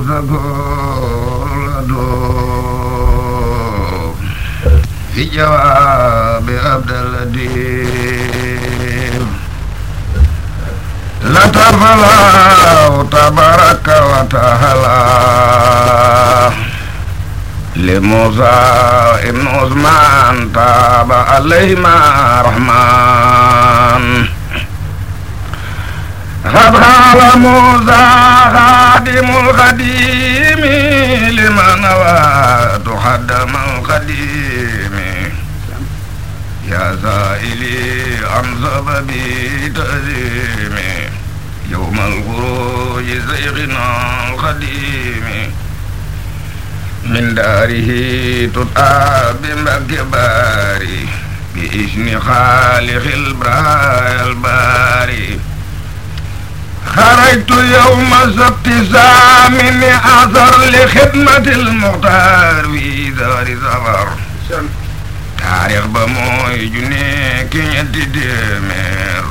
ku sagoo la doo fi jawaabi abdaladim la tafalaw tabaraka wa taala li Musa ibn Usman taaba alayhima rahman قد حال موسى خادم القديم لمن نوى حدم القديم يا سائلي عن سببي تأزيمي يوم الخروج سيخنا القديم من داره تطعى بمكباري بإذن خالق البرايا الباري xarajtu yowma sabti zamini asar li xidmati lmuxtaar wi daari safar taarix ba mooy junni ki ñetti déeméer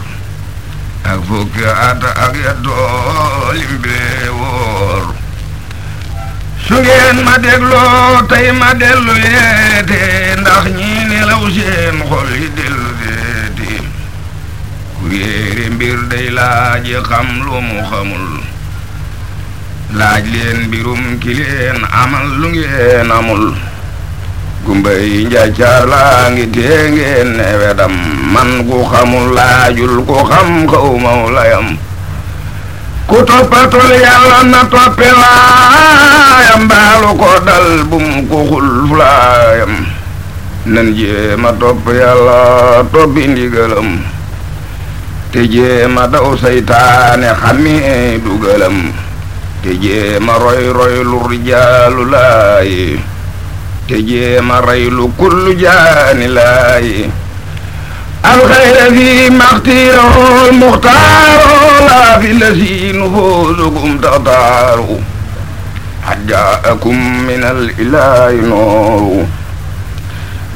ak fukki at ak ya doolim bee wóor su ngeen ma dégloo tey ma dellu yeete ndax ñi nelaw seen xol yi dellu wéeri mbir day laaji xam lu mu xamul laaj leen mbirum ki leen amal lu ngeen amul gumbay njaccaar laa ngi tee ngeen ne wedam man ku xamul laajul ku xam xaw layam ku toppatul yàlla na toppe laayam baalu ko dal bum ku xul nan jéema topp yàlla toppi ndigalam te jéema daw saytaane xamee dugalam te jéema roy roy lu rijaalu laayi te jéema rey lu kullu jaani laayi alxayra fi maxtiiroo muxtaaroo laa fi lasiinu foosukum taxtaaru xajaakum min al ilaahi nooru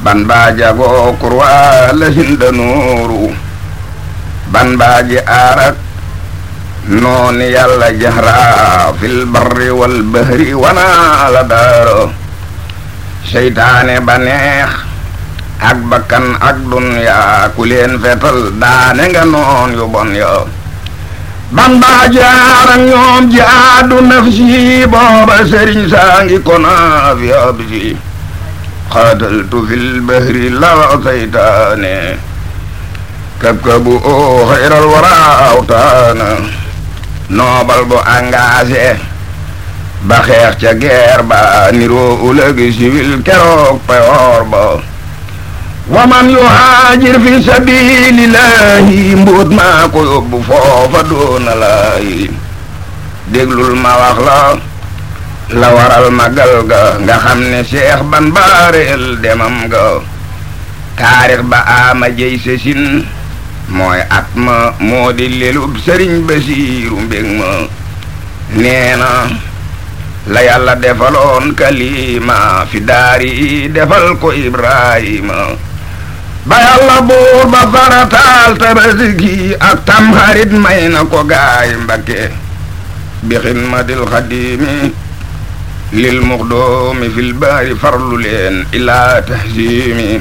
ban baa jagoo kurwaa lasinda nooru ban baaji aarat nooni yàlla jahraa fil barri wal bahri la daaro seytaane ba neex ak bakkan ak dunyaa ku leen fetal daane nga noon yu bon yo ban baaji aarat ñoom ji aadu nafsi booba sëriñ saa ngi konaaf yo bisi xaataltu fil bahri la seytaane takkabu oo xayral waraaw taana noobal bu engagé ba xeex ca guerre ba niroo ulëgi civil keroog payoor ba waman yu haajir fi sabilillahi mbóot maa ko yóbbu foofa doona lay ma wax la waral magal ga nga xam ne seex ban baareel demam ga taarix ba ama jëy sesin mooy at ma moo di lelub la defaloon kalima fi daari defal ko Ibrahima ba yàlla buur ba farataal ak tamxarit may na ko gaay mbakke bi xidmatil xadimi lil muxdoomi fil baari farlu leen ilaa tahsimi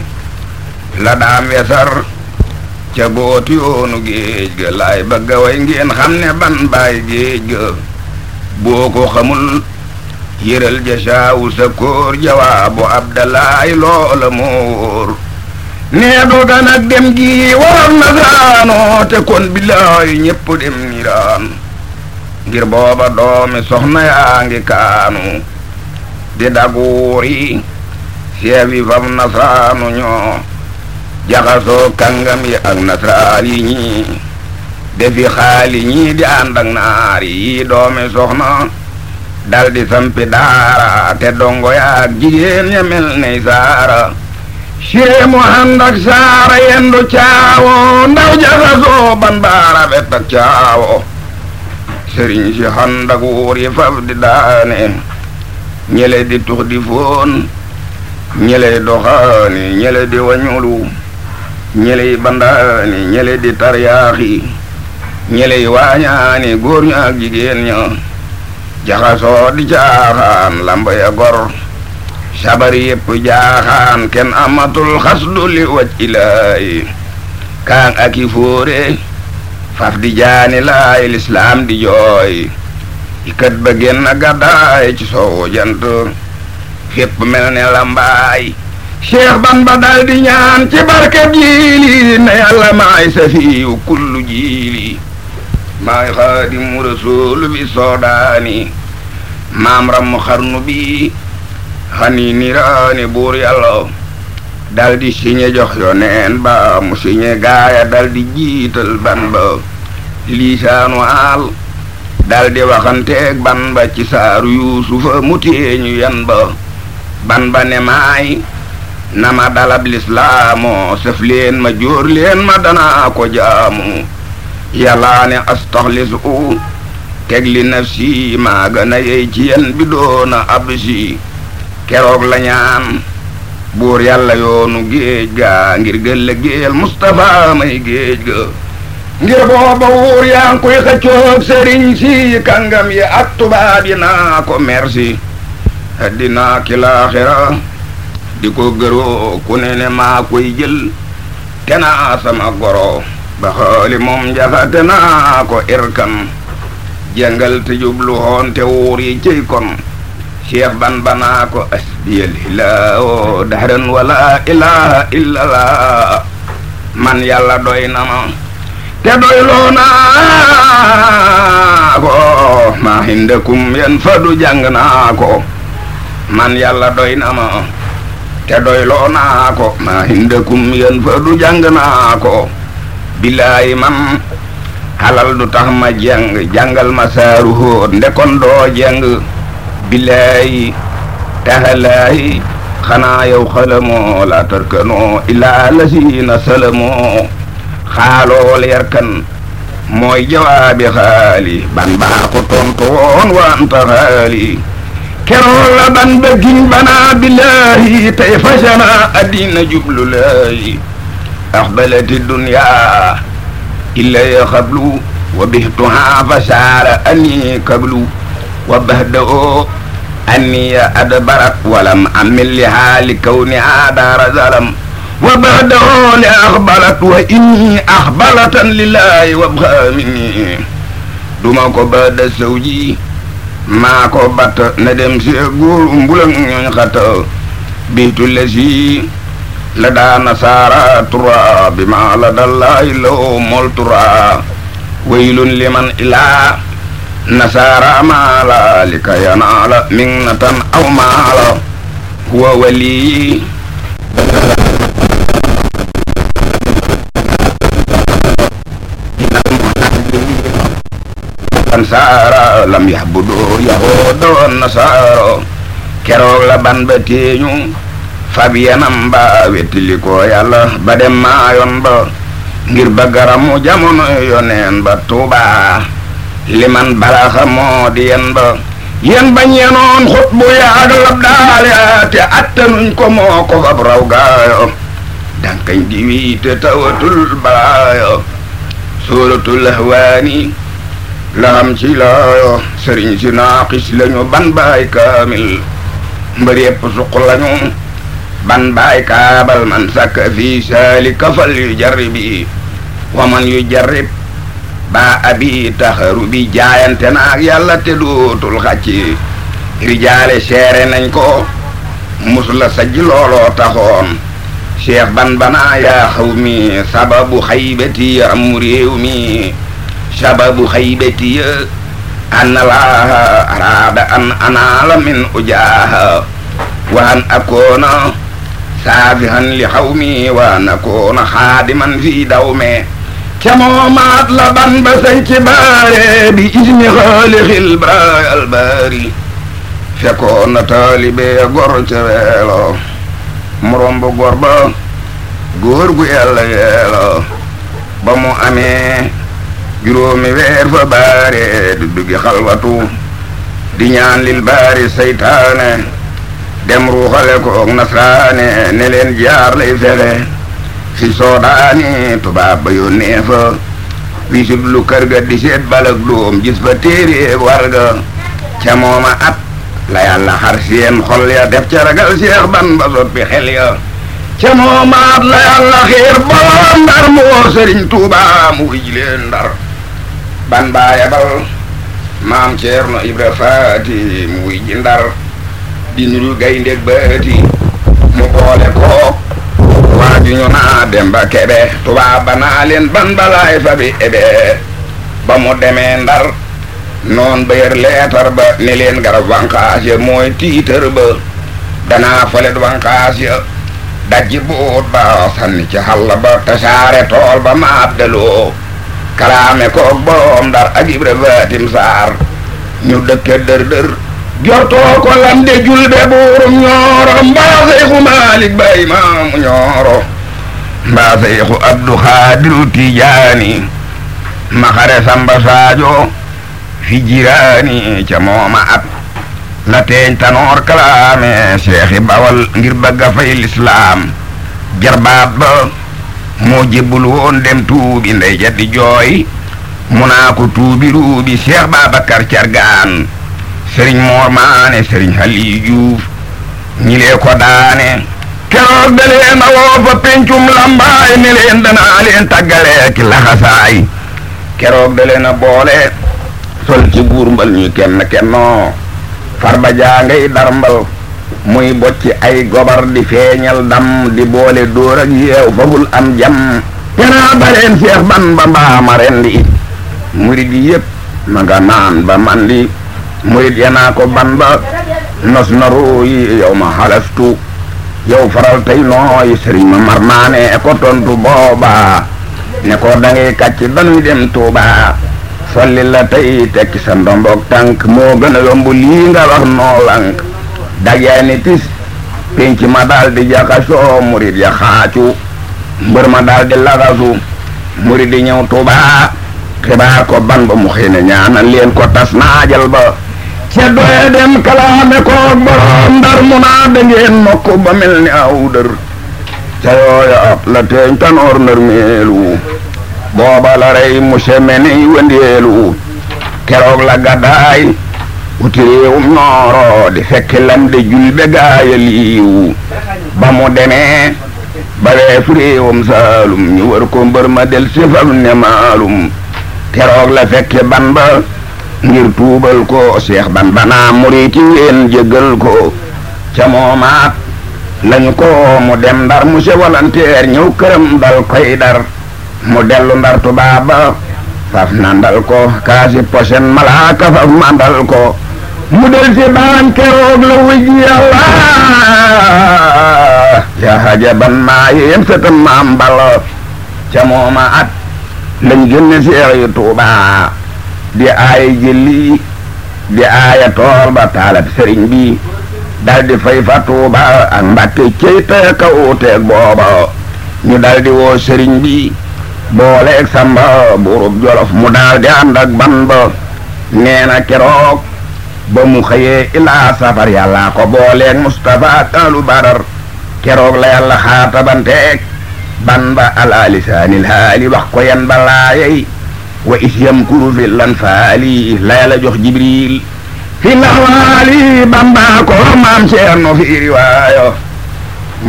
la daam wesar ca góot yoonu géej ga laay bëgg a ngeen xam ne ban baay géej ga boo ko xamul yëral ja saawu sa kóor jawaabu abdalaay loola moo nee doga nag dem gi waroon na te kon bilaay ñépp dem niiraan ngir booba doomi soxna kaanu di daguuri seewi fam na saanu jaxasoo kàngam yi ak nasraar ñii defi xaali ñii di ànd ak naar soxna dal sampi daara te dongo ya jigéen ña mel ney saara siree mu ànd saara yendu caawo ndaw jaxasoo ban baara caawo sëriñ si ànd ak wuur daane ñele tux di foon ñele doxaani ñele wañulu ñeley bandaani ñele di taryaaxi ñeley waañaani góor ña ak jigéen ña jaxasoo di jaaxaan lamba ya gor sabar yépp jaaxaan kenn amatul xasdu li waj ilaayi kaan ak fóore faf di jaani laay lislaam di jooy ikat ba génn gàddaay ci soowu jant mel ne lambaay cheikh Bamba dal ñaan ci barkeb jiili ne yàlla maay safiyu kullu jiili maay xaadimu rasuul bi soodaani maam ram xarnu bi xani buur yàlla dal siñe jox yoneen ba mu siñe gaaya dal jiital ban ba liisaanu aal dal di waxanteeg ban ba ci saaru yuusufa mu téeñu yan ba ban ne maay na ma dalab lislaamu sëf ma jóor ma danaa jaamu yàllaa ne astaxlisu teg li nafsi maa gën a ci yen bi doona absi keroog la ñaan buur yàlla yoonu géej ga ngir gëlla géel Mustafa may géej ga ngir booba wuur yaa ngi koy xëccoog sëriñ si kàngam yi ak tubaab yi naa ko merci dinaa kilaaxira di ko gëroo ku ne maa koy jël te sama goro ba xooli moom ko irkan jàngal te jublu xoon te wuur yi cëy ban banaa ko asbiyal hilaawo dahran wala ilaha illallah man yàlla doy te doy ko maa hindakum yan fadu jàng naa ko man yàlla doy te doyloo naa ko maa hindakum yéen fa du jàng naa ko billaay man xalal du tax ma jàng jàngal ma saaru hóot ndekon doo jàng billaay taxalaay xanaa yow xalamoo la tarkanoo ilaa lasiina salamoo xaalool yarkan mooy jawaabi xaali ban baa ko tontu woon wa xaali keroo la ban ba giñ banaa billaahi tey fasana addina jublu laahi axbalati dunya illaya xablu wa bihtuha fasaara ani kablu wa bahda oo anniya adbarat walam amil lihaa li kawni aadaara zalam wa bahda oo li axbalat wa inni axbalatan lillaahi wa bxaamini duma ko bahda sawji maa ko batt na si góor mbulang ñooñ xat biitu lesi la daana saara tura bi maa la dallaay law mool tura waylun liman ilaa nasaara maala li yanaala min aw maala huwa wali ansaara lam yahbudu yahuuda nasaara keroog la ban ba téeñu fab yanam ba wettili ko yàlla ba dem maayoon ba ngir ba garamu jamono yoneen ba tuuba liman balaxa moo di ba yen bañ yenoon xut bu yaag lab daale te attanuñ ko moo ko fab raw gaayo dankañ di wii te tawatul balaayo suuratul ahwaani laam ci laayo sëriñ si naaqis lañu ban baay kaamil mbër yépp suq lañu ban baay kaabal man sàkk fii saali kafal yu jarribi waman yu jarrib baa abi taxaru bi jaayante naak yàlla te dootul xàcci rijaale seere nañ ko mus la sajj taxoon cheikh ban banaa yaa xaw mi sababu xaybati am réew mi sababu xaybati an allaha arada an anala min ujaha wa an akuna saafihan li xawmi wa an akuna xaadiman fi dawme ca moomaat la ba say ci baare bi ismi xaalixil baal baari fekkoon na taalibe gor ca weelo morom bu gor ba góor gu ba mu amee juróomi weer fa baare du duggi xalwatu di ñaan lil baari saytaane dem ruuxale koog nasraane ne leen lay fere fi soodaani tubaab ba yónnee fa wisub lu kër ga di seet balak doom gis fa téere warga ca mooma at la yàlla xar seen xol ya def ca ragal seex ban ba soppi xel ya ca mooma at la yàlla xiir borom ndar moo sëriñ tuuba mu wij leen ban baa yabal maam Ceerno Ibra Faati muy ji ndar di nuru gaynde baati mu boole ko waa ñu naa dem kebe tubaab ba naa leen ban balaay fa bi ebe ba mu demee ndar noon ba yër leetar ba ne leen garab wanqaas mooy tiitar ba danaa folet wanqaas dajji buut ba sanni ci xalla ba tasaare tool ba ma abdaloo kalaame koog boom ndar ak Ibra Fatim Saar ñu dëkke dër dër jortoo ko lam de julbe buurum ñooro mbaa seyxu Maalik ba imaamu ñooro mbaa seyxu Abdu Xaadiru Tijaani maxare Samba Saajo fi jiraani ca mooma at la teeñ tanoor kalaame seexi bawal ngir bëgg a fay lislaam jarbaat ba moo jébbal woon dem tuubi ndey ja di jooy mu naa ko tuubi ruubi Cheikh Babacar Cargaan sëriñ Moor Maane sëriñ Hali Juuf ñi ko daane keroog da a woo pencum lambaay ne leen danaa leen laxasaay keroog da a boole sol ci buur mbal ñu kenn kennoo farba jaa ngay dar muy bocci ay gobar di feeñal dam di boole dóor ak yeew am jam kenaa bareen seex ban ba mbaama ren di murid yi yëpp ma nga naan ba man di murid ko ban ba nos naru yi yow ma xalastu yow faral tey nooy sëriñ ma mar naane e ko tontu booba ne ko da ngay kàcc danuy dem Tuuba solli la tey tekki sa ndomboog tànk moo gën lii nga wax noo dajeeni tis penc ma daal di jaxasoo murit ya xaacu mbër ma daal laxasu murit di ñëw tubaa xibaar ko ban ba mu xëy na ñaanal ko tas naajal ba ca doye dem kalaame ko borom ndar mu naa da ngeen ba mel ni aw dër ab la teeñ tanoor ndër meelu booba la rey mu semeni wëndeelu keroog la gàddaay utiréewum nooro di fekk lam de jul be gaaya liiwu ba mu demee ba weefu réewum saalum ñu war ko mbër ma del sifal ne maalum keroog la fekke ban ba ngir tuubal ko seex ban banaa muriiti ween jëggal ko ca moomaat lañu ko mu dem ndar mu se volontaire ñëw këram dal koy dar mu dellu ndar tubaaba faf nandal ko kaasi posen malaaka faf mandal ko mu del si baan keroog la wujji yàlla yaa hajaban maa yem sëtam maam bal ca mooma at lañ génne seex yu tuuba di aaya jëlli di aaya toor ba taalab sëriñ bi dal di fay fa tuuba ak cey te ka uuteeg booba ñu dal woo sëriñ bi boole ak samba buurub jolof mu daal di ànd ak ban ba mu xëyee ilaa safar yàllaa ko booleeg Mustafa ak alu badar keroog la yàlla xaatabanteeg ban ba haali wax ko yan ba laayey wa is yamkuru fil anfaali la jox jibril fil ahwaali bamba ko maam ceerno fi riwaayo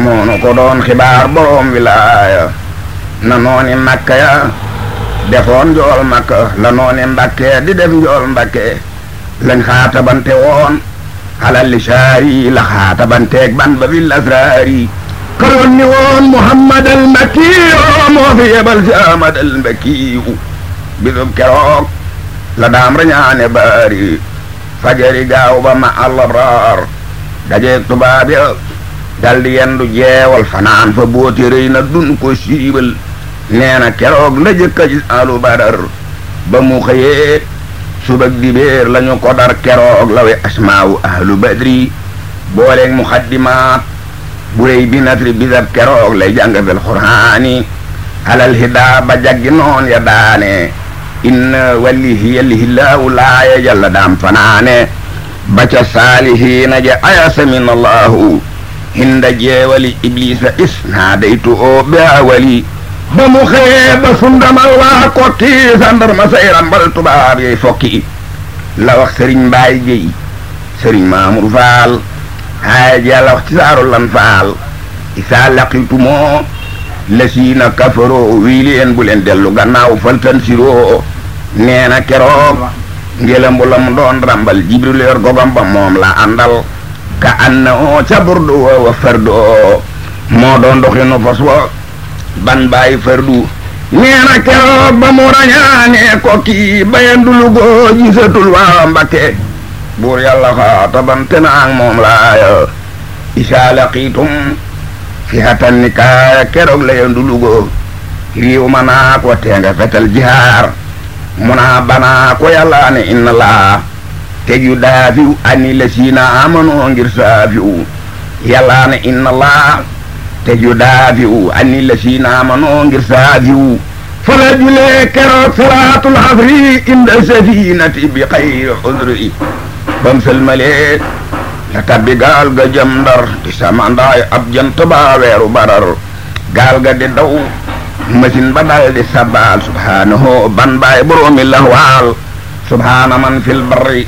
moo ko doon xibaar borom wilaaya na nooni màkka ya defoon njool màkka la nooni mbàkke di def njool mbàkke lañ xaatabante woon xalal li saari la xaatabanteeg ban ba fil asraari karoon ni woon muhammad al makkiyu moo fi yebal si ahmad al makkiyu bisub keroog la daam rañaane baari fajari gaaw ba ma al abraar dajeeg tubaab ya dal yendu jeewal fanaan fa boote rëy na dun ko nee keroog la jëkk a gis badar ba mu xëyee suba la ñu ko dar keroog la we asmaawu ahlu badri booleeg muxaddimaat bu réy bi natri bisab keroog lay jàngatel xuraani alal hidaa ba jaggi ya daane inna wallihi yallihilaahu laaya yàlla daam fanaane ba ca saalihiina ja ayasa min allahu hinda jeewali iblisa isnaadaytu oo beawali ba mu xëyee ba sundamal waa kotti sandarma say rambal tubaab yooyu fokki la wax sëriñ mbaay géy sëriñ maamur faal xaaj yàlla wax ci saaru lan faal isaa laqitumoo la siina kafaroo wii leen bu leen dellu gannaaw faltan siroo nee na keroog ngelam doon rambal jibril yor gogam moom la àndal ka ànd ca burdu wa fardoo moo doon doxinu fas wa ban bàyyi fardu neena keroog ba mu rañaane ko kii bayandulu goo gisatul waa Mbakke buur yàlla xaatabante na ak moom laaya isaa laqiitum fi hatan ni kaaya keroog layandulu goo riiw naa ko teenga fetal jihaar mu naa banaa ko yàlla inna laa teg yu daafiw ani la siina amanoo ngir saafiw yàlla inna laa te ju daafiwu anni la si naamanoo ngir saafiwu fa la julee keroog salaatul asri inda safinati bi xayri udri bam sëlmalee la tabbi gaal ga jëm ndar di samandaay ab jant baa weeru barar gaal ga di daw machine ba dal di sabaal subhaanahu ban baay boroomi lahwaal subhaana man fil barri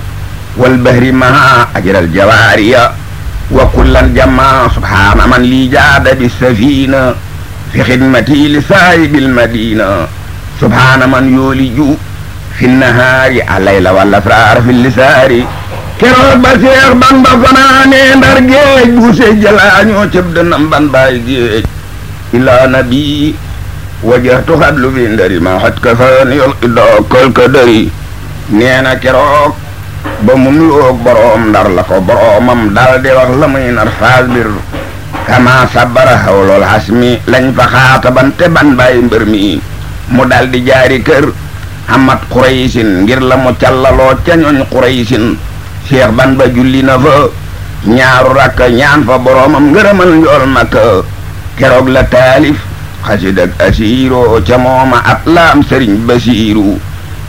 wal bahri maa ajral jawaariya wa kullan jamma subhaana man lii jaada bi safiina fi xidmati li saahibil madina subhaana man yooliju fi nahaari alayla wala fraar fi lisaari keroog ba seex ban ba fanaanee ndar géej buuse jalaañoo cëb dënam ban baay géej ilaa nabi wajahtu xadlu bi ndari ma xat ka faani yol idoo kol ka dari nee na keroog ba mu nuyoog boroom ndar la ko boroomam dal di wax la muy nar faasbir kama sabara hawlul hasmi lañ fa xaata bante ban bàyyi mbër mi mu dal di jaari kër amat xuraysin ngir la mu callaloo ca ñooñ xuraysin cheikh ban ba julli na fa ñaaru rakk ñaan fa boroomam ngërëmal njool makka keroog la taalif xasid ak asiiroo ca mooma at laam sëriñ basiiru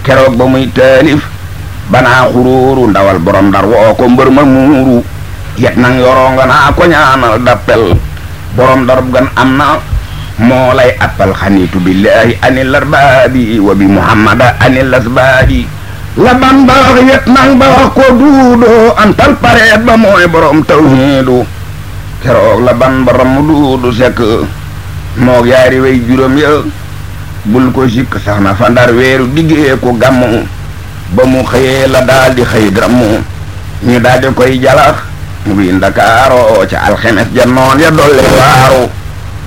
keroog ba muy taalif banaa xuruuru ndawal borom ndar woo ko mbër ma muuru yet nang yoroo ko ñaanal dappel borom darub gan am na moo appal xaniitu billaahi anil arbaabi wa bi muhammada anil asbaabi la ban yet nang ba wax ko duudoo antal pareet ba mooy borom tawhiidu keroog la ban ramu duudu sekk moog yaari way juróom ya bul ko sikk sax na fa ndar weeru diggee ko gàmmu ba mu xëyee la daal di xëy grammu ñu daal di koy jalax mu bi ndakaaroo ca alxemes ja noon ya dolle waaru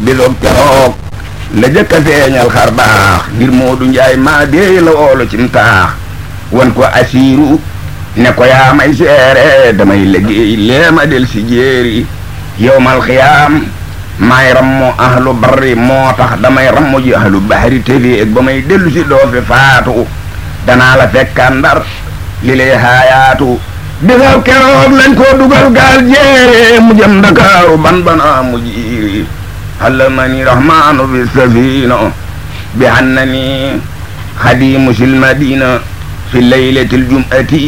bisub keroog la jëkk feeñal xar baax ngir Moodu Njaay maa dee la woolu cim taax wan ko asiiru ne ko yaa may seere damay liggéey leema del si jéeri yowmal xiyaam maay rammu ahlu barri moo tax damay rammu ji ahlu bahri te feeg ba may dellu si doo faatu danaa la fekkaan ndar li lay haayaatu bisab keroog lañ koo dugal gaal jeere mu jëm ndakaaru ban mu jiiri hallamani rahmaanu bi safina bi hannani xadimu sil madina fi laylatil jum'ati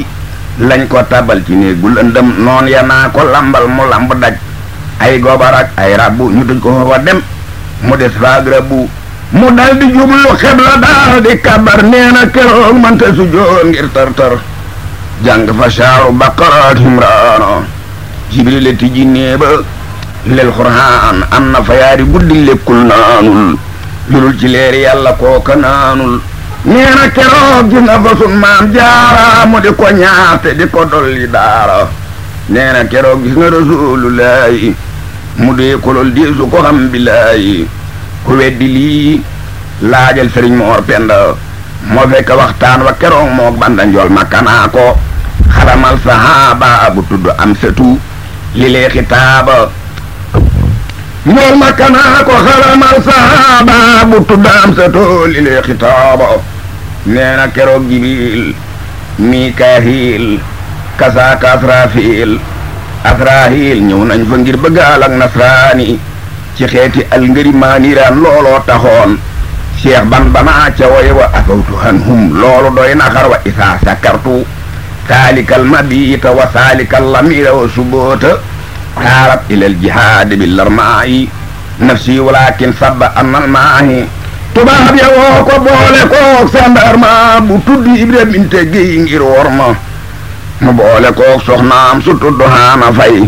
lañ ko tabal ci néeg bu noon ya ko lambal mu lamb ay gobarak ay rabbu ñu duñ ko fa dem mu des faag rabbu mu dal di jublu xebla daal di kabar nee keroog mante su joon ngir tartar fa saaru baqaraat himraano jibril ti jinnee ba lel fa yaari guddi lekkul naanul lulul ci leeri yàlla kooka naanul nee keroog gis fa sun jaara mu di ko ñaate di ko dolli daara nee keroog gis na mu dee kolol di su ko xam ku weddi lii laajal sëriñ Moor Penda moo fekk waxtaan wa keroog moo banda njool makkanaa ko xaramal sahaaba bu tudd am setu xitaaba njool makkanaa ko xaramal sahaaba bu tudd am xitaaba nee na jibil mikaahil kasaaka asraafil asraahil ñëw nañ fa ngir bëggaal nasraani ci xeeti alngëri maaniraan looloo taxoon cheikh ban banaa ca woye wa akawtu hanhum loolu doy na wa isaa sakartu saalikal mabiita wa saalikal lamira wa suboota xaarab ilal jihaadi bi larmaayi nafsi walakin sabba annal maahi tubaab ya woo ko boole koog sandarma bu tudd ibra binte géy ngir wor ma mu boole koog soxnaam su tudd haana fay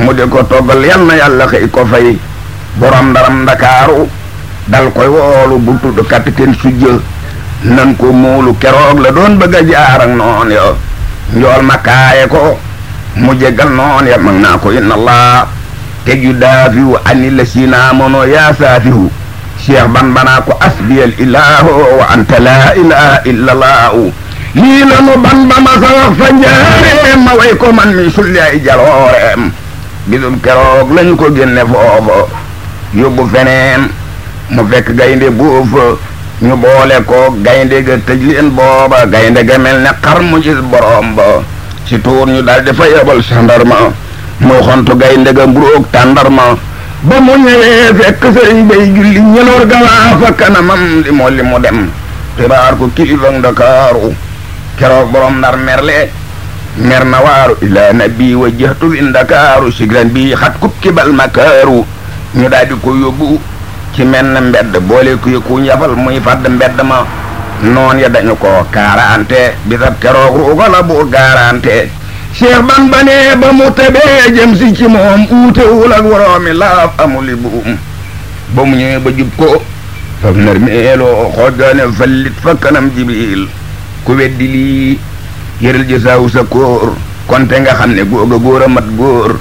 mu di ko toggal yal na yàlla xëy ko fay borom ndaram ndakaaru dal koy woolu bu tudd capitaine nan ko muulu keroog la doon bëgg a noon ya njool ma kaaye ko mu jegal noon ya mag naa ko inna allah teg yu daafiwu ani la siina mono yaa saafihu cheikh ban ko asbiyal ilaahu wa anta laa ilaha illa allahu lii la nu ban ma way ko man mi sulli ay jalooreem bisum keroog lañu ko génne foofu yóbbu feneen mu fekk gaynde buufa ñu boole ko gaynde ga tëj leen booba gaynde ga mel ne xar mu gis borom ci tuur ñu daal dafa yebal sandarma muy xontu gaynde ga mburóog tàndarma ba mu ñëwee fekk sëriñ bay julli ñëloor galaa fa kanamam li moo li mu dem xibaar ko kilifa ndakaaru keroog borom ndar merle mer na waaru ila nabi wa jëxtu fi ndakaaru sigran bi xat kub kibal makaaru ñu daal ko yóbbu ci menn mbedd boole ku yëkkuñ yafal muy fàdd mbedd ma noon ya dañu ko kaaraante bisab keroog ruuga la bu gaaraante Cheikh ban banee ba mu tebee jëm si ci moom uutewul ak woroomi laaf amuli buum ba mu ñëwee ba jub ko faf nar meeloo xoojoone fallit fa kanam jibril ku weddi lii yëral ji saawu sa kóor konte xam ne góoga góor mat góor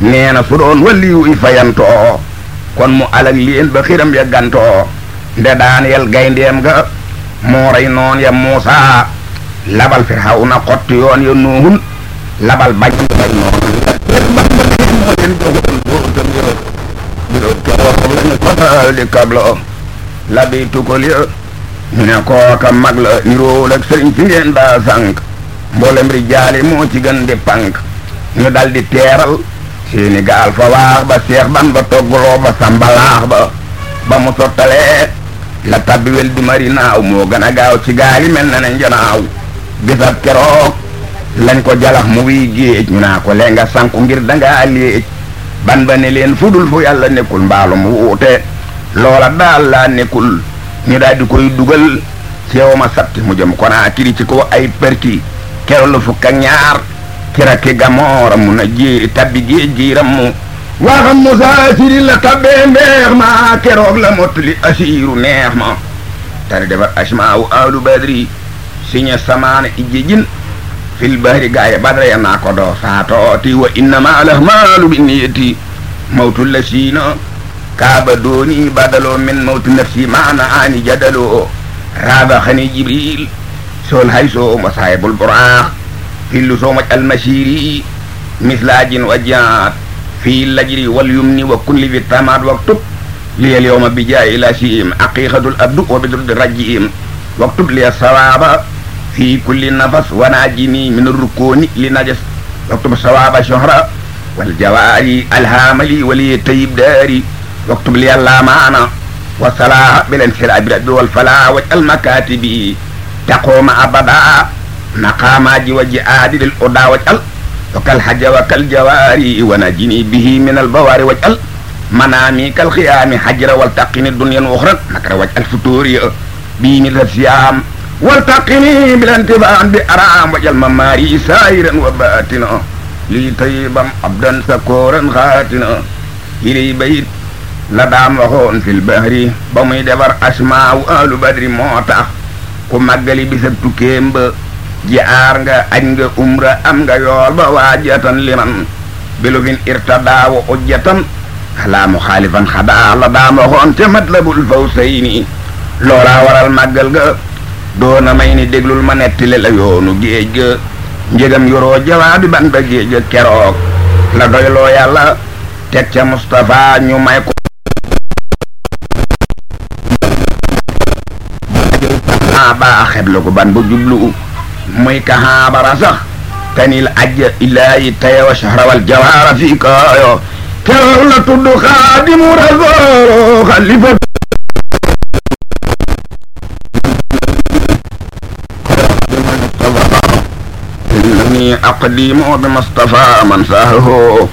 nee na su doon waliyu i fayantoo kon mu alag liin ba xiram ya gantoo nde daan yel gayndeem ga moo rey noon ya muusa labal firawna xotti yoon ya nuuhun labal bañ noon moo leen joxoon kablo la tukal ya ñu ne kooka mag la niroowul ak sëriñ ngeen daa sànq mboolem rijaali moo ci gën di ñu dal teeral Sénégal fa waax ba seex ban ba togguloo ba sambalaax ba ba mu sottalee la tabbi wel du mari naaw moo gën a gaaw ci gaali mel na ne njanaaw bisab keroog lañ ko jalax mu wiy géej naa ko lee nga sanku ngir dangaa léej ban ba ne leen fudul fu yàlla nekkul mbaalum wuute loola daal laa nekkul ñu daal di koy dugal ceewa ma satti mu jëm Konaakiri ci ko ay perki kero la fukk ñaar kiraki gamooram na ji tabbi géej gi rammu waxam musaasiri la tabbee mbeex ma keroog la mottali asiiru neex ma tane defar asmaawu ahlu badri siña samaana ijji jin fil bahri gaaye badra ya naa ko doo saatooti wa innama al ahmaalu bi niyati mawtu la siina kaaba dooni badaloo min mawtu nafsi maana aani jadaloo raaba xani jibril sool haysoo masaayibul buraax illu soomac almashiri mislaajin wa jaat fii lajri wal yumni wa kulli fi tamaat waktub liyal yowma bi jaay ila siim aqiqatul abdu wa bidrudi rajjiim waktub liya sawaaba fii kulli nafas wa naajini min rukooni li najas waktub sawaaba shohra wal jawaari alhaamali waliye tayib daari waktub liya laamaana wa salaaha bilen sirabira bi wal falaa waj almakaatibi taqooma abada maqaamaaji wa jihaadil udaa waj al wa kal haja wa kal bihi min al bawaari waj al manaami kal xiyaami hajra wal taqini dunyan uxran nakra waj al futuuri bii mi la wal taqini bil intibaam bi araam waj al mamaari saayiran wa baatina lii tayyibam abdan sakooran xaatina ilay bayit la daam waxoon fil bahri ba muy defar asmaawu ahlu badri moo tax ku màggali bisab tukkeem ba jihaar nga añ nga umra am nga yool ba waajatan liman bilugin irtadaa wa ujjatan alaa muxaalifan xadaa la daa waxoon ca matlabul fawsayni loolaa waral màggal ga doona may ni déglul ma nettali la yoonu géej ga njëgam yoroo jawaabi ban ba géej ga keroog la doyloo yàlla teg ca Mustapha ñu may ko muy ka haabara sax tanil ajja ilaahi tayawa shahrawal jawaara fii kaayo teew la tudd xaadimu rasool xalifa ni aqdimu bi mustafa man sahruhu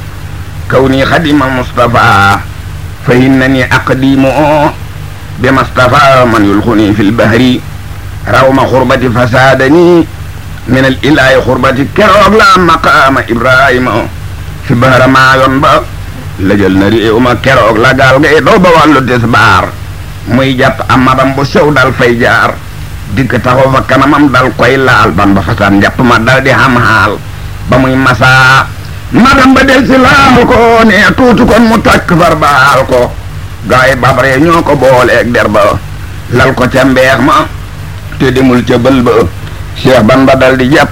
kawni xadima mustafa fa innani aqdimu bi mustafa man yulxuni fi lbahri rawma xurbati fasaadani min al ilaahi xurbati keroog la maqaama ibrahima fi baara maa yoon ba la jël na réewuma keroog la gaal ngay doo ba wàllu tisbaar muy jàpp amadam bu sew dal fay jaar dikk taxaw fa kanamam dal koy laal ban ba fasan jàpp ma dal di xam xaal ba muy masaa madam ba del si laal ko ne tuuti kon mu takk far baal ko gaay babre ñoo ko booleeg der ba lal ko ca ma te demul ca bël ba Cheikh Bamba dal di jàpp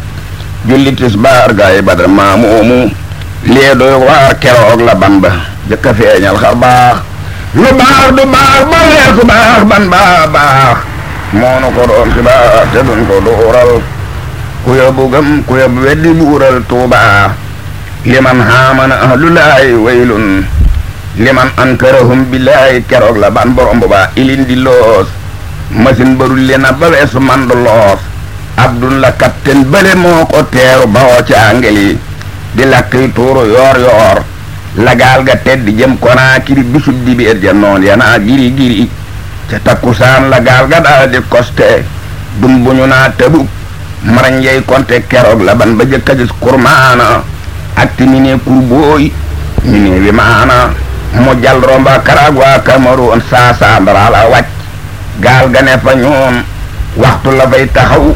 julli tisbaar gaay Badar maamuumu lii doy waar keroog la Bamba jëkk a feeñal xar lu baax du baax ba leer baax ban baax moonu ko doon xibaar te duñ ko dooral ku yóbbu gëm ku yóbbu weddi buural tuubaa liman haamana ahlulaay waylun liman ankarahum billaay keroog la ban borom bu baax ilin di loos machine barul lena ba weesu man du loos abdulla kapten bële moo ko teeru bawoo ci angel di lakk tuuru yoor yoor lagaal ga tedd jëm konaakiri bisub di bi ja noon yanaa giri giri ca takkusaan lagaal ga daal di koste dum bu ñu naa tëbub marañ yey konte keroog la ban ba jëkka gis kurmaana ak ti mi ne kurbooy mi ne wi maana mu jal romba karaag waa Cameroun saasaa ndaraal a wàcc gaal ga ne fa ñoom waxtu la fay taxaw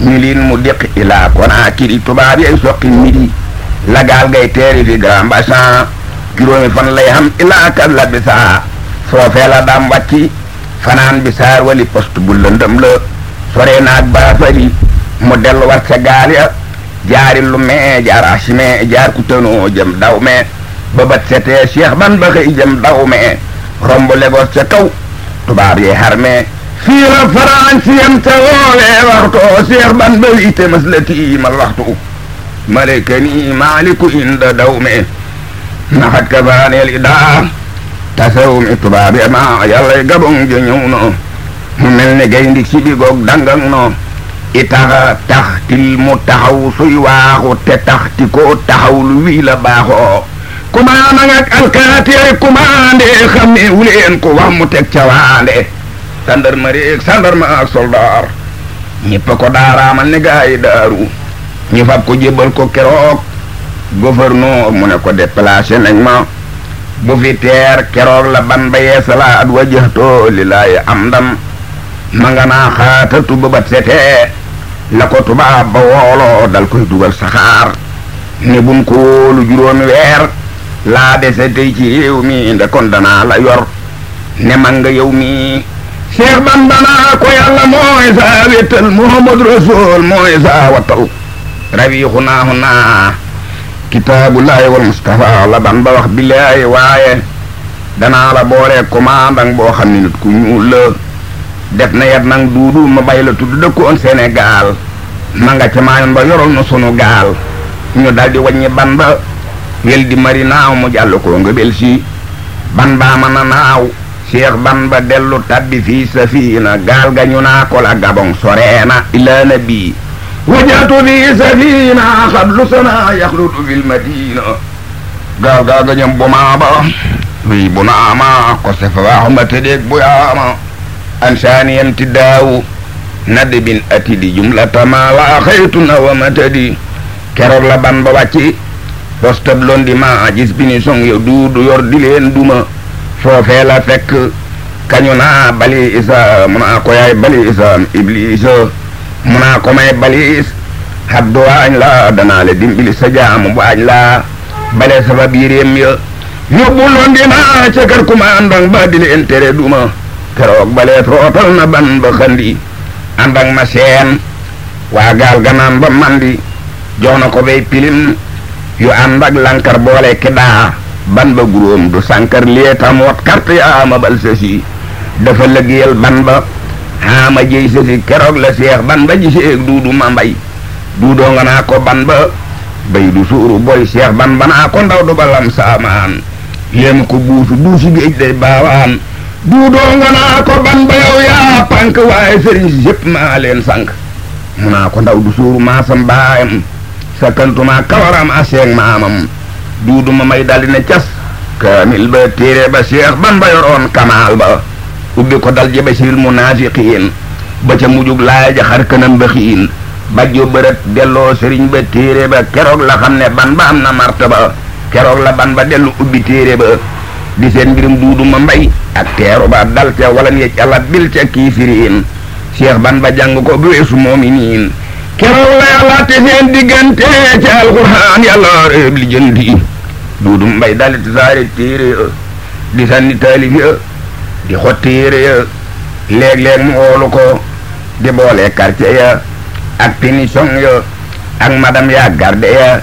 milin mu diq ilaa Konaakiri tubaab yi soqi midi la gaal ngay teeri di Grand Bassam juróomi fan lay xam ilaa kar la bisaa foofee la daam wàcci fanaan bisaar wali poste bu lëndëm la sore naag baafari mu delluwaat sa gaal ya jaari lu mee jaar asime jaar ku tënoo jëm daw mee bëbët setee Cheikh ban ba xëy jëm daw mee romb Lagos ca kaw tubaab yee xar mee fiira faransiyam te woowee waxtoo seex ban ba wiite maslaki mal waxtu malekani maaliku inda dawme naxat ka faaneel i daa tasawmi tubaabe ma yàllay gabong ja ñëw ne gay ndik goog dangang i taxa tax mu taxaw suy waaxu te tax ti taxaw lu wii la baaxoo kumaana ngak alkaati ay kumaande xamewu leen ko wax mu teg cawaande gendarmerie ko daaraamal ne gaa daaru ñu ko jébbal ko keroog gouverneur mu ne ko déplacé nañ ma bu fi teer keroog la ban ba yee salaat wajaxtoo lillaahi am ndam ma nga naa xaata tuba bat setee la ko tubaab ba wooloo dal koy dugal saxaar ne buñ ko wóolu juróomi weer laa dese tey ci réew mi nde kon danaa la yor ne man nga yow mi cheikh bambana ko yàlla mooy saa wéttal muhammad rasul mooy saa wattal rawiixu naahu naa kitaabullahi wal mustafa la ban ba wax billaay waaye danaa la boole commandant boo xam ne nit ku ñuul la def na yet duudu ma bay la tudd dëkkoon Sénégal ma nga ca maayoon ba yorol na sunu gaal ñu daldi waññi ban ba di mari naaw mu jàll koo nga bel si ban baa mën naaw Cheikh Bamba dellu tabbi fii safiina gaal ga la gabon soreena ilaa nabi wajaatu fii safiina xablu sana yaxlutu fil madina gaal gaa ga maaba wii ko sefa waaxuma tëddeeg bu yaama ansaaniyam ti daawu nadi bin atidi jumlatama laa wa matadi keroog la ban ba wàcci ma gis bini song yow duudu yor duma foofee la fekk kañu naa bali mu naa ko yaay bali isa iblis mu naa ko may balis habdu waañ la danaa dimbili sa jaam waañ la bale sabab yéreem ya yóbbu loon dinaa ca kër ku ma àndang ba di leen tere duma keroog rootal na ban ba xandi ma seen waa gaal ganaan ba mandi jox ko bay pilim yu ànd lankar boole ki daa ban ba guróom du sankar liee tam wat kart ya bal sa dafa lëggeel ban ba xaama jëy sa keroog la seex ban ba ji seeg duudu ma mbay duudoo nga naa ko ban ba bay du suuru boy seex ban naa ko ndaw du balam saamaan yéema ko buusu duusi géej day baawaan duudoo nga naa ko ban ba yaa pànk waaye sëriñ si yëpp maa leen mu naa ko ndaw du suuru maasam baayam sakantumaa kawaram aseeg maamam duuduma may daldi ne cas kaamil ba téere ba cheikh ban ba yoroon kamaal ba ubbi ko dal ji bashiril munaafiqiin ba ca mujjug laaya xar kanam ba xiin bajjo bërët delloo sëriñ ba téere ba keroog la xam ne ban ba am na martaba keroog la ban ba dellu ubbi téere ba di seen mbirum duuduma mbay ak teeru ba dal ca wala ye ca la bil ca kiifiriin cheikh ban ba jàng ko bu weesu moominiin keroog la yàlla te seen diggante ca alquran yàlla réeb li jëndi duudu mbay daal di saare téere ya di sànni taalib ya di xotti yére ya léeg-léeg mu oolu ko di boole quartier ya ak pinition ya ak madam ya garde ya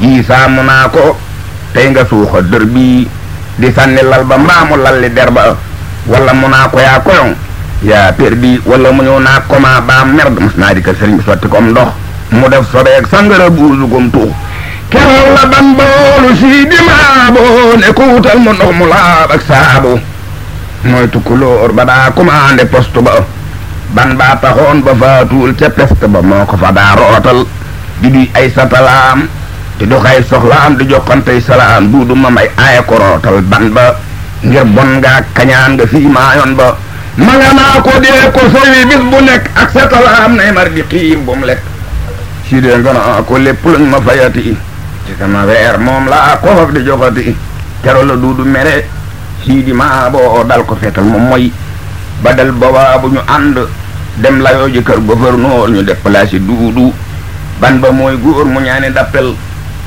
yii saamu naa ko tey nga suuxa dër bii di sànni lal ba mbaamu lalli der ba wala mu naa ko yaa koyoŋ yaa per bi wala mu ñëw naa ko ma baam merde mos naa di kër bi sotti kom ndox mu def sobeeg sangara buusu gum tuux keroog la ban boolu sii di maabo ne ko wutal ma ndox mu laab ak saabu mooy tukkulóor ba daa commandé poste ba ban baa taxoon ba faatuwul ca peste ba moo ko fa daa rootal di duy ay satalaam di doxay soxlaam di joxantey salaam duudu ma may aaye ko rootal ban ba ngir bon ngaa kañaan nga fii maayoon ba ma nga ko dee ko sowi bis bu nekk ak satalaam nay mar di xiim bu lekk si dee nga ko lépp luñ ma fayati ci sama weer moom laa ko faf di jogati jaro la duudu mere siidi maa boo dal ko feetal moom mooy badal bawaa bu ñu ànd dem layoo ji kër ñu def place duudu ban ba mooy góor mu ñaane dappel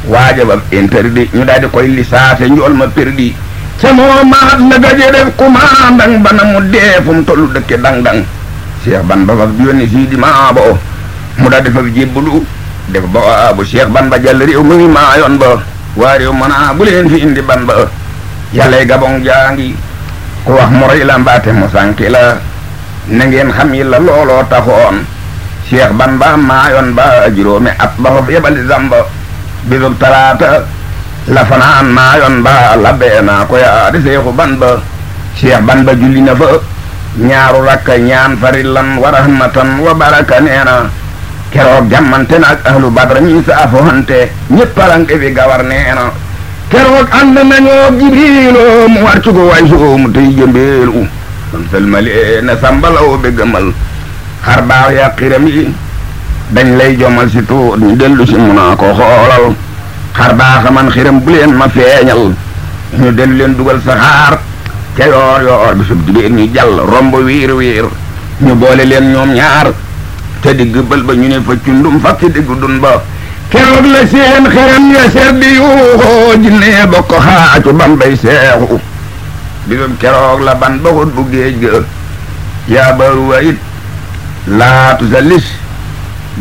waaja ba interdit ñu daal di koy lisaase njool ma perdi ca moo maat na gaje def ba mu dee fu mu tollu dëkke dang dang seex ban ba faf di yónni siidi maa boo mu daal di faf jébbalu def ba bu Cheikh Bamba jàll réew mu ngi maayoon ba waa réew mën a fi indi ban ba yàllay gabon jaa wax mu la mbaate mu la na ngeen xam yi la looloo taxoon Cheikh Bamba maayoon ba juróomi at ba fa yebali zamba bisub talaata la fanaan maayoon ba labbee naa ko yaa di seexu ban ba julli na fa ñaaru rakka ñaan farilan wa rahmatan wa baraka neena keroog jàmmante na ak ahlu badra ñi saafo hante ñëpp palanke fi gawar neena keroog ànd nañoo jibriilo mu war cugo way soom tey jëmbeel u kon salmale na sambalaw be gëmal xar ya xiram yi dañ lay jomal si tuut ñu dellu si munaa ko xoolal xar baaxa man ma feeñal ñu dellu leen dugal saxaar ca yoor yoor bi sub jibéen ñu jàll romb wiir wiir ñu boole leen ñoom ñaar te digg bël ba ñu ne fa cundum fab ci diggu la seen xeram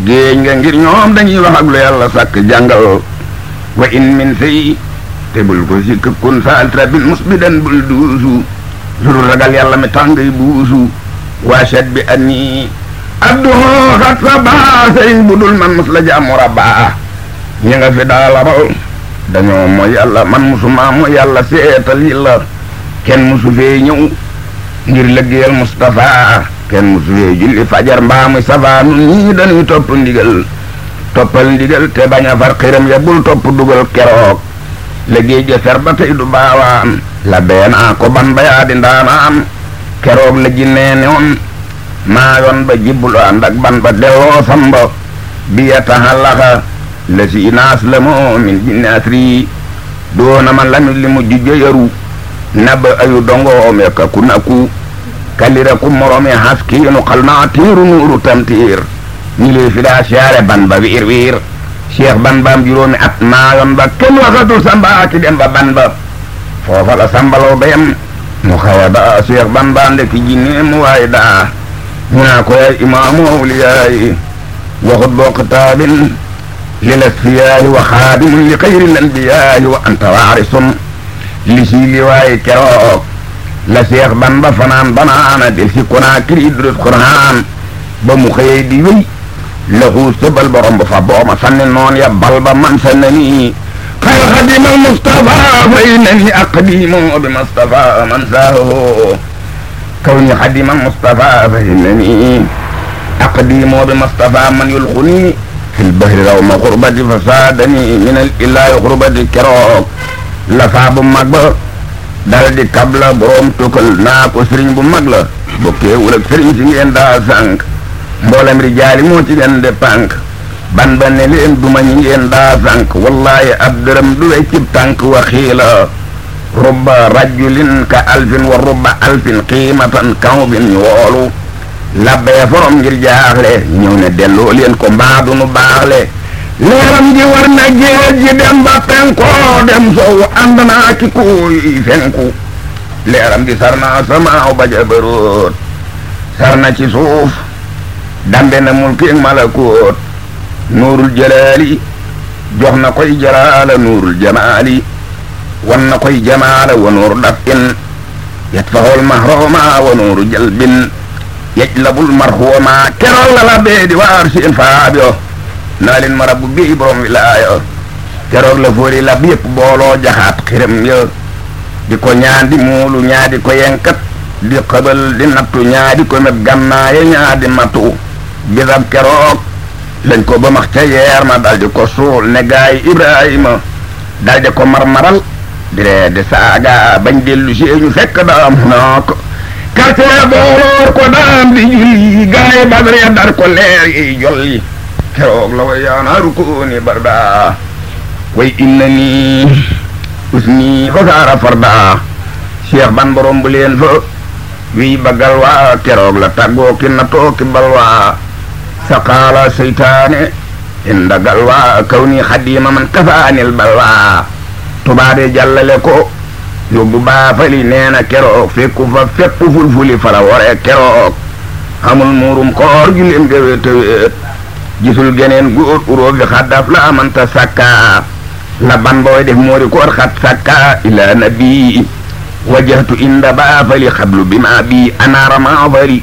géej ga yaa ñoom dañuy wax ak lu yàlla sàkk jàngal wa in min sey te bul ko sikk kun saaltra bin musbidan bul duusu lu ragal yàlla mi tàngay buusu waa seet bi ani adduhoo a baa ñi nga fi daala mosuma yàlla seetal yi la kenn mosu fee ñëw ngir lëggeel Mustafa kenn mosu fee julli fajar mbaa muy safa nun ñii topp ndigal toppal ndigal te bañ far xiram ya topp dugal keroog liggéey ja ba du baawaan la ko ban ba yaa di ndaanaan keroog maayoon ba jibbul ànd ak ban ba samba bi ya taxallaxa la si inaas la moo min jinne asri doona ma lañu li mu jijja naba ayu dongoom ya ka naku kalira ku moromi haskiinu xalmaa tiiru nuuru tamtiir ñi lay fi daa siyaare wiir wiir cheikh ban baam at maayoon ba kenn waxatul samba ki dem ba ban ba la sambalaw ba mu xawa daa cheikh ban baam ki jinne mu waay daa ñu naa ko yaay imaamu awliyaayi waxut boo xitaabin lil asfiyaayi wa xaadimun li xayril anbiyaayi wa anta waarisun li sii li waaye keroog la seex bamba fanaan banaana del si konaa kiri idrus quraan ba mu xëyee di wéy la xuus tëbal borom ba fa booma sanni noon ya bal ba man sa nani xal xadimal mustafa fay nani aqdimu bi mustafa man saahu كوني قديم مصطفى فهمني أقديم بمصطفى من يلقني في البحر روم غربتي فسادني من الإله غربتي keroog la faa bu mag ba dal di kab la borom tukkal naa ko sëriñ bu mag la bokkee wul ak sëriñ si ngeen daa sànq mboolem rijaali moo ci gën de pànk ban ba ne leen duma ñi ngeen daa sànq wallaahi ab dërëm du wéy cib tànk waxii la rubba rajulin ka alfin wa rubba alfin qiimatan kaw bin ñu woolu forom ngir jaaxle ñëw ne delloo leen ko mbaadu nu baaxle leeram ji war na géej ji dem ba dem sow ànd naa ci kuy fenku leeram ji sar naa samaaw ba jabaroot sar na ci suuf dambe na mulki malakoot nuurul jalaali jox na koy jalaala nuurul jamaali wan na koy jamaala wa nuuru dafin yatfaxul mahroma wa nuuru jalbin yajlabul marhuwama keroog la la bee di waar si en faab yo naa wilaayo keroog la fóori lab yëpp booloo jaxaat xiram yo di ko ñaan muulu ñaa ko yenkat di xëbal di nattu ñaa ko meb gànnaaye ñaa mattu bisab keroog lañ ko ba max yeer ma daldi ko suul ne gaay Ibrahima daldi ko marmaral di ree saaga bañ dellu si fekk daam nook quartier booloor ko daam di julli gaay badar dar ko leer yi jolli keroog la way yaanaaru kooni barda way inna nii usni fasaara farda cheikh ban borom bu leen fa wiy keroog la tàggoo ki tooki bal waa saqaala seytaane indagal waa kaw ni man kafaanil bal waa tubaabee jàllale ko yóbbu baafali nee na keroog fekku fa fépp fulfuli fala waree keroog amul muurum koor ju leen gëwét geneen góor uroo fi xaddaf la amanta sakka la ban def moori koor xat sakka ila nabi wajahtu inda baafali xablu bi ma bi anaara maafari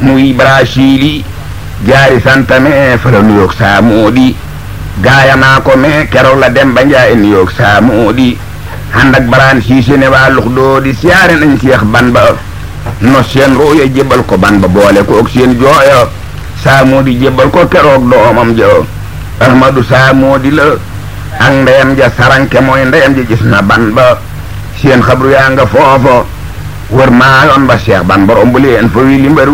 muy brasili jaari santame fala nuyoog saamoodi gaaya naa ko me keroog la dem ba in en yoog saamoodi ànd ak baraan siise ne lux doo di siyaare nañ seex ban ba no seen ruuya jébbal ko ban ba boole koog seen jooyo saamoodi jébbal ko keroog doomam jo ahmadu saamoodi la ak ndeyam ja saranke mooy ndeyam ja gis na ban ba seen xabru wër maayoon ba seex ban ba romb fa wi li mbër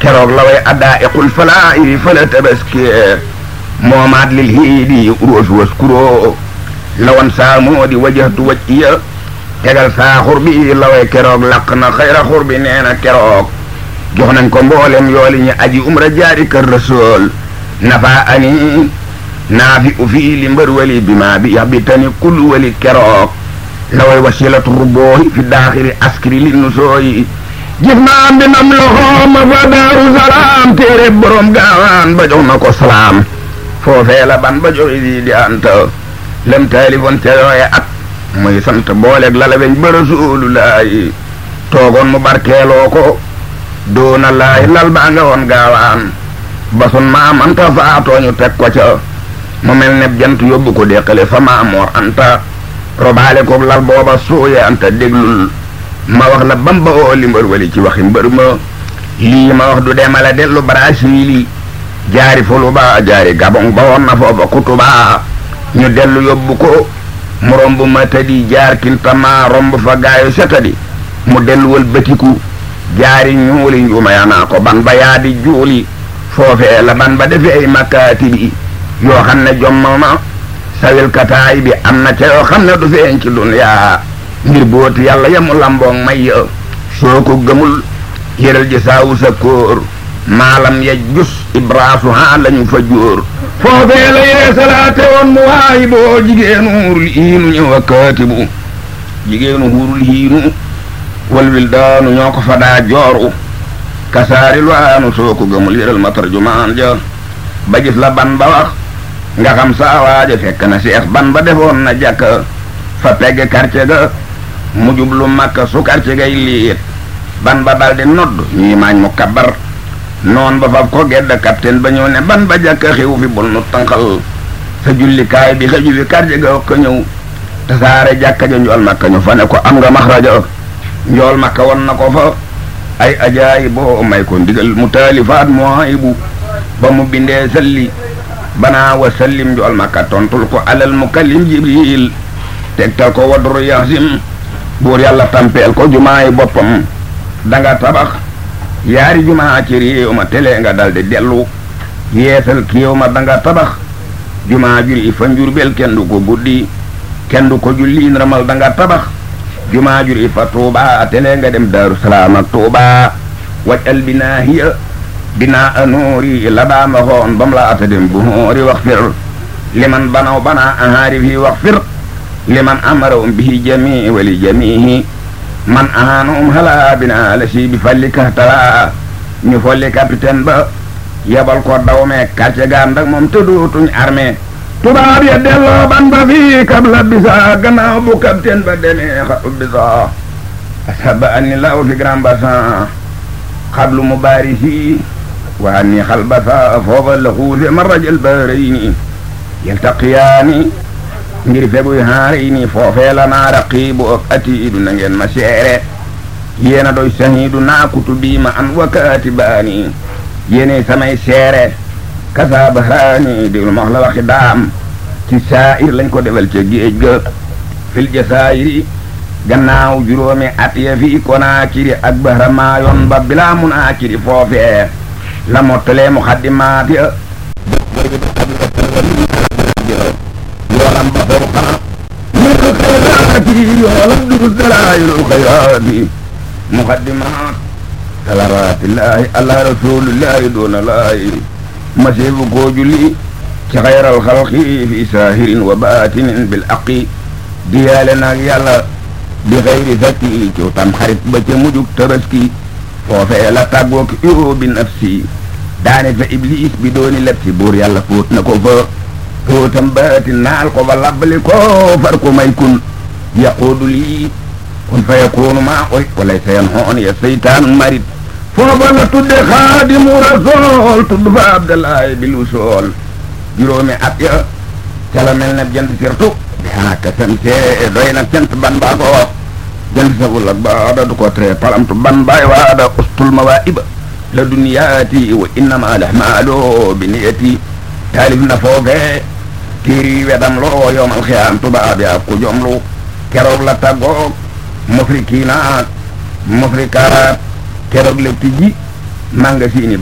keroog la way addaa iqul falaa yi fala tabaskee moomaat lil hiidi roos was kuroo lawan saa wajahtu waj iya tegal saa xur bi lawee keroog laq na xayra xur bi keroog jox nañ ko mboolem yooli aji umra jaari kër rasool nafa ani naafi u fii wali bi maa bi yax bi wali keroog laway wasilatu ruboohi fi daaxiri askri li nu sooyi jëf naa am bi nam fa daaru salaam téere borom gaawaan ba jox ko salaam foofee la ban ba jóge di di anta lem taalifoon ca ak at muy sant booleeg lala weñ ba rasuulu laayi toogoon mu barkeeloo ko doona laayi lal baa nga woon gaawaan ba sun maam anta faatooñu teg ko ca mu mel ne jant yóbbu ko deqale fa maamoor anta robaale ko lal booba suuye anta déglul ma wax la bamba oo li mbër ci waxi mbër lii ma wax du demale dellu Brésil jaari Fuluba jaari Gabon ba woon foofa Kutuba ñu dellu yóbbu ko mu romb Matadi jaar Kintama romb fa setadi mu dellu wëlbatiku jaari ñuuli njuuma yaa ban ba yaa juuli foofee ban ba defee ay makkaati bi yoo ma sawil kataay bi na ca yoo du feeñ ci dunyaa ngir booti yàlla yamu lamboog may ya soo ko ji saawu sa maalam ya jus ibraasu haa lañu fa jóor foofee la yeesalaate woon mu waayi boo jigéenu huurul hiinu ñëw a kaatibu jigéenu huurul hiinu wal wildaanu ñoo ko fa daa jooru kasaari luwaanu soo ko gëmul yëral ma tarjumaan ja ba la ban ba wax nga xam saa waaja fekk na seex ban ba defoon na jàkk fa pegg quartier ga mu jublu makka su quartier gay liit ban ba daldi nodd ñii maañ mu kabar noon ba fab ko gedd capitaine ba ñëw ne ban ba jàkka xew fi bul nu tànqal sa jullikaay bi xeju fi karje ga ko ñëw te saare jàkka ja njool makka ñu fa ne ko am nga maxraja njool makka won na ko fa ay ajaay boo may ko ndigal mu taalifaat muhaybu ba mu bindee salli banaa wa sallim njool makka tontul ko alal mukallim jibril tegtal ko wadru yaxsim buur yàlla tampeel ko jumaay boppam danga tabax yaari jumaa ci réew ma tele nga daldi dellu yeesal kéew ma danga tabax jumaa juri fa njurbel kenn du ko guddi kenn ko julliin ramal danga tabax jumaa juri fa tuuba tele nga dem daaru salaam ak tuuba wajal binaahiya binaa a nuuri labaa ma xoon bam la ata dem bu hoori wax liman banaw banaa ahaari fi wax fir liman amara um bihi jamii wali jamiihi man ahaanu um halaa binaa la sii bi falli kaxtalaa ñu folli capitaine ba yebal ko daw mee quartier ga ndak moom tëdduutuñ armée tubaab ya delloo ban fii kab la bisa gannaaw bu capitaine ba demee xa bisa asaba anni law fi grand bassin xablu mubaarisi wa anni xal basa foofa la xuuse marajal bahrayni yaltaqiyaani ngir feguy haari ni foofee la naa raqiibu ak atiidu na ngeen ma seere yéena doy sahiidu naa kutubi ma an wa kaatibaani yéenay samay seere kasaa bahraani déglu ma wax la waxi daam ci saa'ir lañ ko defal ca géej fil jasaayiri gannaaw juróomi at ya fi konaakiri ak bahramaayon ba bilaa munaakiri foofee la mottalee muxaddimaat ya فوقها من قراءته ولم الدلائل الخيرات مقدمات صلوات الله على رسول الله دون الله مسيب كوجلي كغير الخلق في ساهر وباطن بالأقي ديالنا يلا بغير ذكي كو تنخرط بك مجوك ترسكي foofee la tàggook yoo bi nafsi daane fa iblis bi dooni leb si buur yàlla fóot na ko fa tootam baatin naal ko ba labbali ko far ko may kun yaquudu lii kon fa yakunu maa oy walay sayan hoon ya seytaanun marit foofa la tudde xaadimu rasool tudd fa abdalaay bilu sool juróomi at ya cala mel na jant sirtu daanaka sante doy na cant ban baa ko wax jant sagul ak baada du ko tree palamtu ban baay waada ustul mawaiba la duniyaati wa innama lahmaalo bi niyati taalif na foofee kii wedam loo yomal xiyaam tubaab yaa keroog la tàggoog mufrikiinaat mufrikaat keroog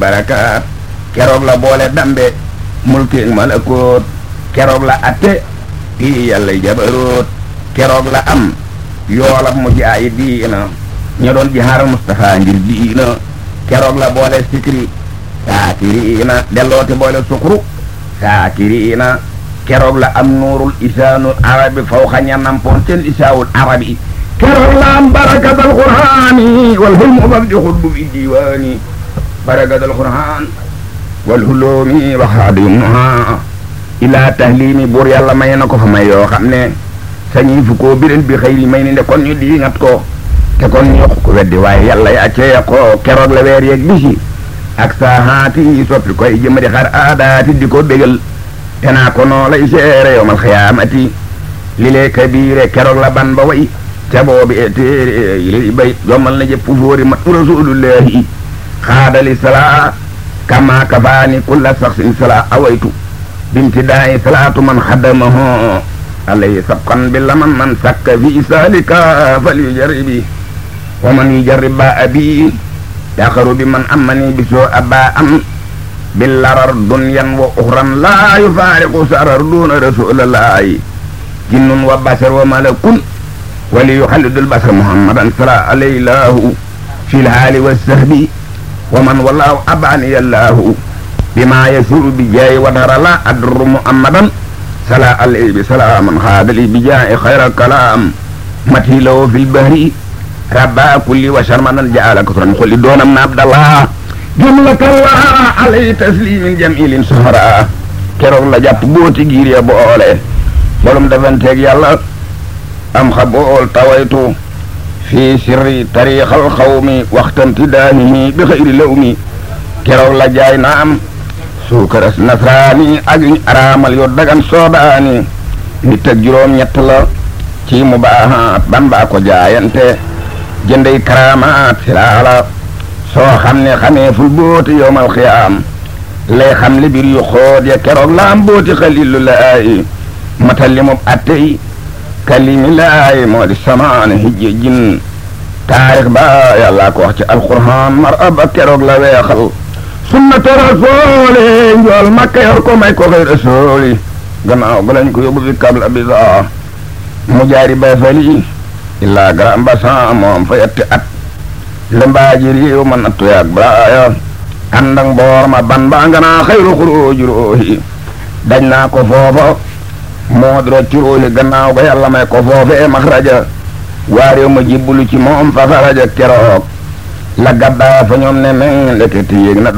barakaat keroog la boole dambe mulkeeg malakoot keroog la atte kii yàlla jabaroot keroog la am yoolab mu jaayi diina ña doon jihaaral Mustafa ngir diina keroog la boole sikri saakiriina dellooti boole sukru saakiriina keroog la am nuurul isaanul arabi fawxa ña nampoon seen isaawul arabi keroog la am barakatal qur'aani wal hulmu bam di xutbu bi diwaani barakatal qur'aan wal huloomi waxaadiyum noha ilaa tahlimi buur yàlla may na ko fa may yoo xam ne sañi fu koo biral bi xëyri may ni nde kon ñu di ngat ko kon ñu ko weddi waaye yàlla ya cee ko keroog la weer yeeg bisi ak saahaati soppi koy jëmadi xar aadaati di ko bégal tenaa ko noo lay seere yowmal xiyaamati li lee kabiire keroog la ban ba way ca boobi e téere yi lay bay jommal na ma rasulullahi xaadali salaa kama kafaani kulla saxsin salaa awaytu bimtidaayi salaatu man xadamaho alayhi sabqan bi laman man sakka fi saalika fal yujarribi wa man yujarrib ba abi yaqaru bi man amani bi soo abaa billarar dunyan wa uxran laa yufaariqu sarar duuna rasulallaahi jinnun wa basar wa malakun wali yuxallidul basar muhammadan sala alaylahu fi lhaali wa sahbi wa man wallahu abaniyallahu bima yasuru bi jaayi wa dara la adru muhammadan sala alayhi bi salaaman xaadali bi jaayi xayra kalaam matilawo fi lbahri rabba kulli wa sharmanan jaalakasran xulli doonam na abdallah jumla talla alay taslimin jamilin keroog la jàpp booti giir ya boole bolum defanteeg yàlla am xabool tawaytu fii sirri tariixal xawmi waxtanti daahihi bi xëyri lawmi keroog la jaay na am suukaras nasraani ak araamal yu dagan soodaani nit ak juróom ñett la ci mu jaayante jëndey karaamaat filaala soo xam ne xamee ful booti yowmal xiyaam lay xam li biir yu xoot ya keroog la am booti xalilu laayi matal li mu attey kalimi laayi moo di samaan hijje jin taarix ba yàlla ko mar ab ak keroog la weexal sunna toral soole njool makka yor may ko xëy rasooli gannaaw ba lañ ko fi kabla bisa mu jaari bay fali illaa gara mbasa moom fa yetti at lëmbaajir yi yow man attuyaag baraaya ànd ak mboor ma ban ba nga naa xayru xuruuji ruuhi dañ naa ko foofa moo rocci ruuhi gannaaw ba yàlla may ko foofee maxraja waar yow ma jibbalu ci moom fa faraja keroog la gàddaa fa ñoom ne meŋ ndekete yéeg na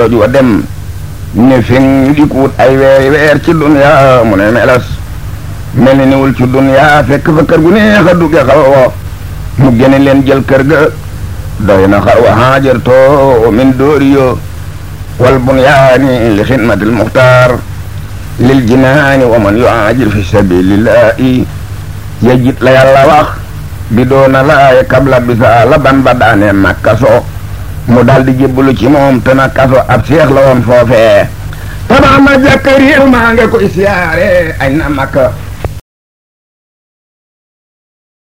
mu ne melas fekk fa kër gu neex a dugge xalwa mu génne leen jël kër ga doy na xar wa haajartoo min dooriyo wal bunyaani li xidmatil muxtaar lil jinaani wa man yuhaajir fi sabilillahi yajit la yàlla wax bi doona laaye kabla bisaa la ban ba daanee mu daldi jébbalu ci moom te nag ab seex la woon foofee tabax na jàkkariil maa nga koy ay na